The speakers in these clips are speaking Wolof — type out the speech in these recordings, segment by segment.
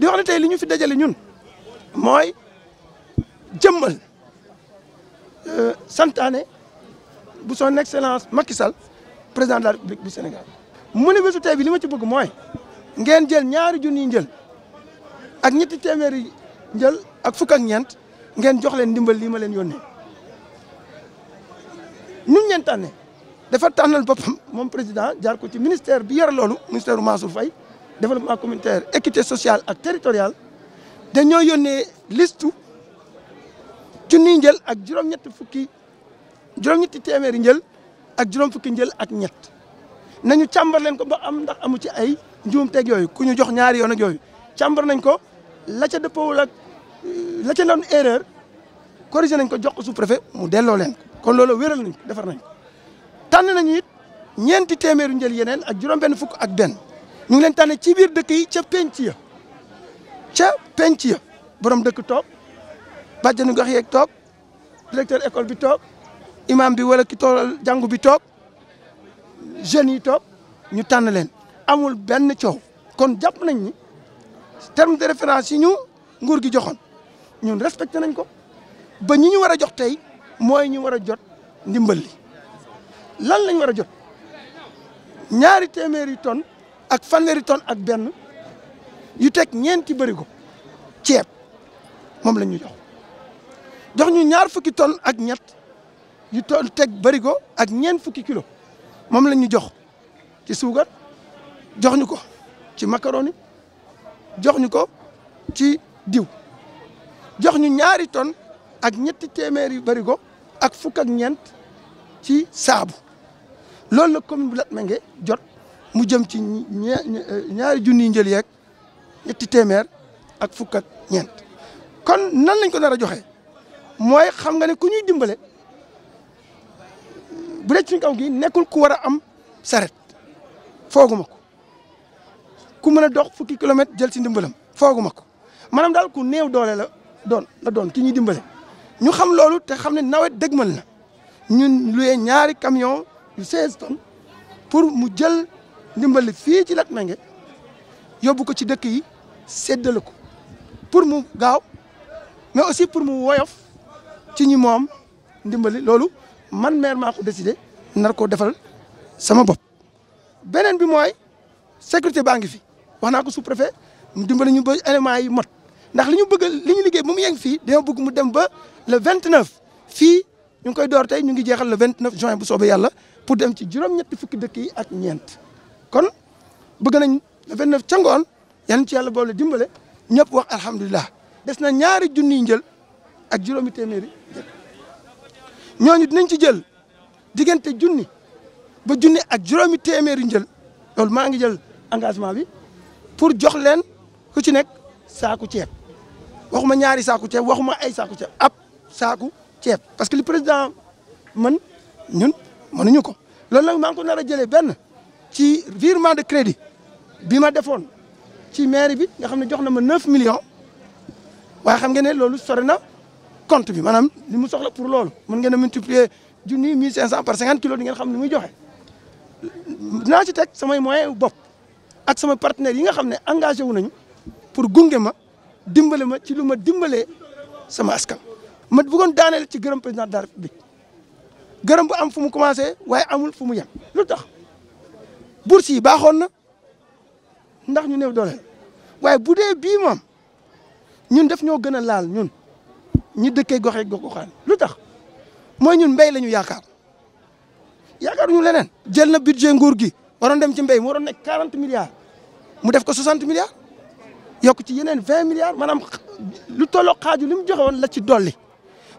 di wax ne tey li ñu fi dajale ñun mooy jëmmal euh, santaane bu son excellence Macky Sall président de la république du Sénégal mu ne bésu tey bi li ma ci bëgg mooy ngeen jël ñaari junniy njël ak ñetti téeméeri ak ak ngeen jox leen ma leen ñun dafa tànnal boppam moom président jaar ko ci ministère bi yore loolu ministère Mansour Faye développement communautaire équité sociale ak territoriale dañoo yónnee listu junniy njël ak juróom-ñetti fukki juróom-ñetti téeméeri njël ak juróom fukki njël ak ñett nañu càmbar leen ko ba am ndax amu ci ay njuum teg yooyu ku ñu jox ñaari yoon ak yooyu càmbar nañ ko la ca dëppoowul ak la ca doon erreur corrigé nañ ko jox ko sous préfet mu delloo leen ko kon loolu wéral nañ defar nañ tan nañ nit ñeenti téméru njël yenen ak juroom ben fuk ak ben ñu ngi leen tànne ci biir dëkk yi ci penc ya ci penc ya borom dëkk toog bàjjenu gox yek tok directeur école bi tok imam bi wala ki tolal bi tok jeune yi tok ñu tan leen amul ben ciow kon japp nañ ni terme de référence yi ñu nguur gi joxon ñun respecté nañ ko ba ñi ñu wara jox tay moy ñu wara jot ndimbal li lan lañ war a jot ñaari téeméeri tonnes ak fanweeri tonnes ak benn yu teg ñeenti bërigo ceeb moom la jox jox ñu ñaar fukki tonnes ak ñett yu ton teg bërigo ak ñeent fukki kilo moom la ñu jox ci suugar jox ñu ko ci macaroni jox ñu ko ci diw jox ñu ñaari tonnes ak ñetti téeméeri bërigo ak fukk ak ñeent. ci saabu loolu la commune bu Latmingué jot mu jëm ci ñaari junniy njël yeeg ñetti téeméer ak fukk ak ñeent kon nan lañ ko nar a joxe mooy xam nga ne ku ñuy dimbale bu dee ci kaw gi nekkul ku war a am saret fooguma ko ku mën a dox fukki kilomètre jël ci ndimbalam fooguma ko maanaam daal ku néew doole la doon la doon ki ñuy dimbale ñu xam loolu te xam ne nawet dëgmal na ñun loué ñaari camion yu 16 tonnes pour mu jël ndimbal fi ci Latmingué yobbu ko ci dëkk yi séddale ko pour mu gaaw mais aussi pour mu woyof ci ñi mom ndimbali lolu man maire mako décider nar ko défal sama bop benen bi moy sécurité baa fi waxna ko sous préfet mu dimbali ñu ba élément yi mot ndax liñu bëgg liñu liggéey mu yegg fi dañu bëgg mu dem ba le 29 fi ñu ngi koy door tey ñu ngi jeexal le 29 juin bu soobee yàlla pour dem ci juróom-ñetti fukki dëkk yi ak ñeent kon bëgg nañ le 29 ca ngoon yan ci yàlla boole dimbale ñëpp wax alhamdulilah des na ñaari junniy njël ak juróomi téeméeri ñooñu dinañ ci jël diggante junni ba junni ak juróomi téeméeri njël loolu maa ngi jël engagement bi pour jox leen ku ci nekk saaku ceeb waxuma ñaari saaku ceeb waxuma ay saaku ceeb ab saaku. ceeb parce que le président man ñun mënuñu ko loolu nag maa ngi ko nar a jëlee benn ci virement de crédit bi ma defoon ci mairie bi nga xam ne jox na ma 9 millions waaye xam ngeen ne loolu sore na compte bi maanaam li mu soxla pour loolu mën ngeen a multiplier junni 1500 par 50 kilos di ngeen xam ni muy joxe dinaa ci teg samay moyens bopp ak sama partenaires yi nga xam engagé wu pour gunge ma dimbale ma ci lu ma dimbalee sama askan. man bëggoon daaneel ci gërëm président de la gërëm bu am fu mu commencé waaye amul fu mu yem lu tax bourse yi baaxoon na ndax ñu néew doole waaye bu dee bii moom ñun def ñoo gën a laal ñun ñi dëkkee goxee goxaan lu tax mooy ñun mbéy la ñu yaakaar yaakaar ñu leneen jël na budget nguur gi waroon dem ci mbéy mu waroon nekk 40 milliards mu def ko 60 milliards yokk ci yeneen 20 milliards maanaam lu tolloo xaaju li mu joxe woon la ci dolli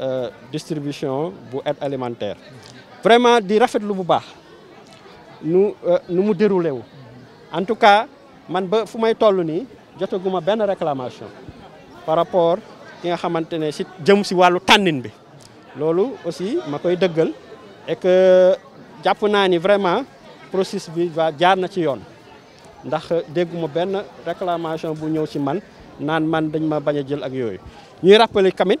Euh, distribution bu aide alimentaire vraiment di rafetlu bu baax nu euh, nu mu déroulé wu en tout cas man ba fu may tollu ni jotaguma ben réclamation par rapport ki nga xamantene ci jëm si walu tànnin bi lolu aussi makoy deugal et que japp naa ni vraiment process bi va jaar na ci yoon ndax deguma ben réclamation bu ñew ci man nan man dañ ma baña jël ak yoy ñuy rappeler kamit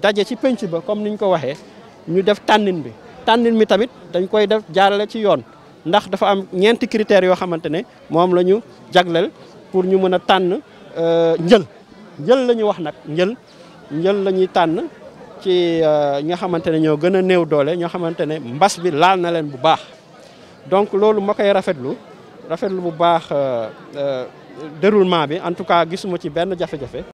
daje ci penc ba comme ni ñu ko waxee ñu def tànnin bi tànnin bi tamit dañ koy def jaarale ci yoon ndax dafa am ñeenti critères yoo xamante ne moom la ñu jagleel pour ñu mën a tànn euh, njël njël la ñu wax nag njël njël la ñuy tànn ci euh, ñi nga xamante ne ñoo gën a néew doole ñoo xamante ne mbas bi laal na leen bu baax donc loolu ma koy rafetlu rafetlu bu baax euh, déroulement bi en tout cas gisuma ci benn jafe-jafe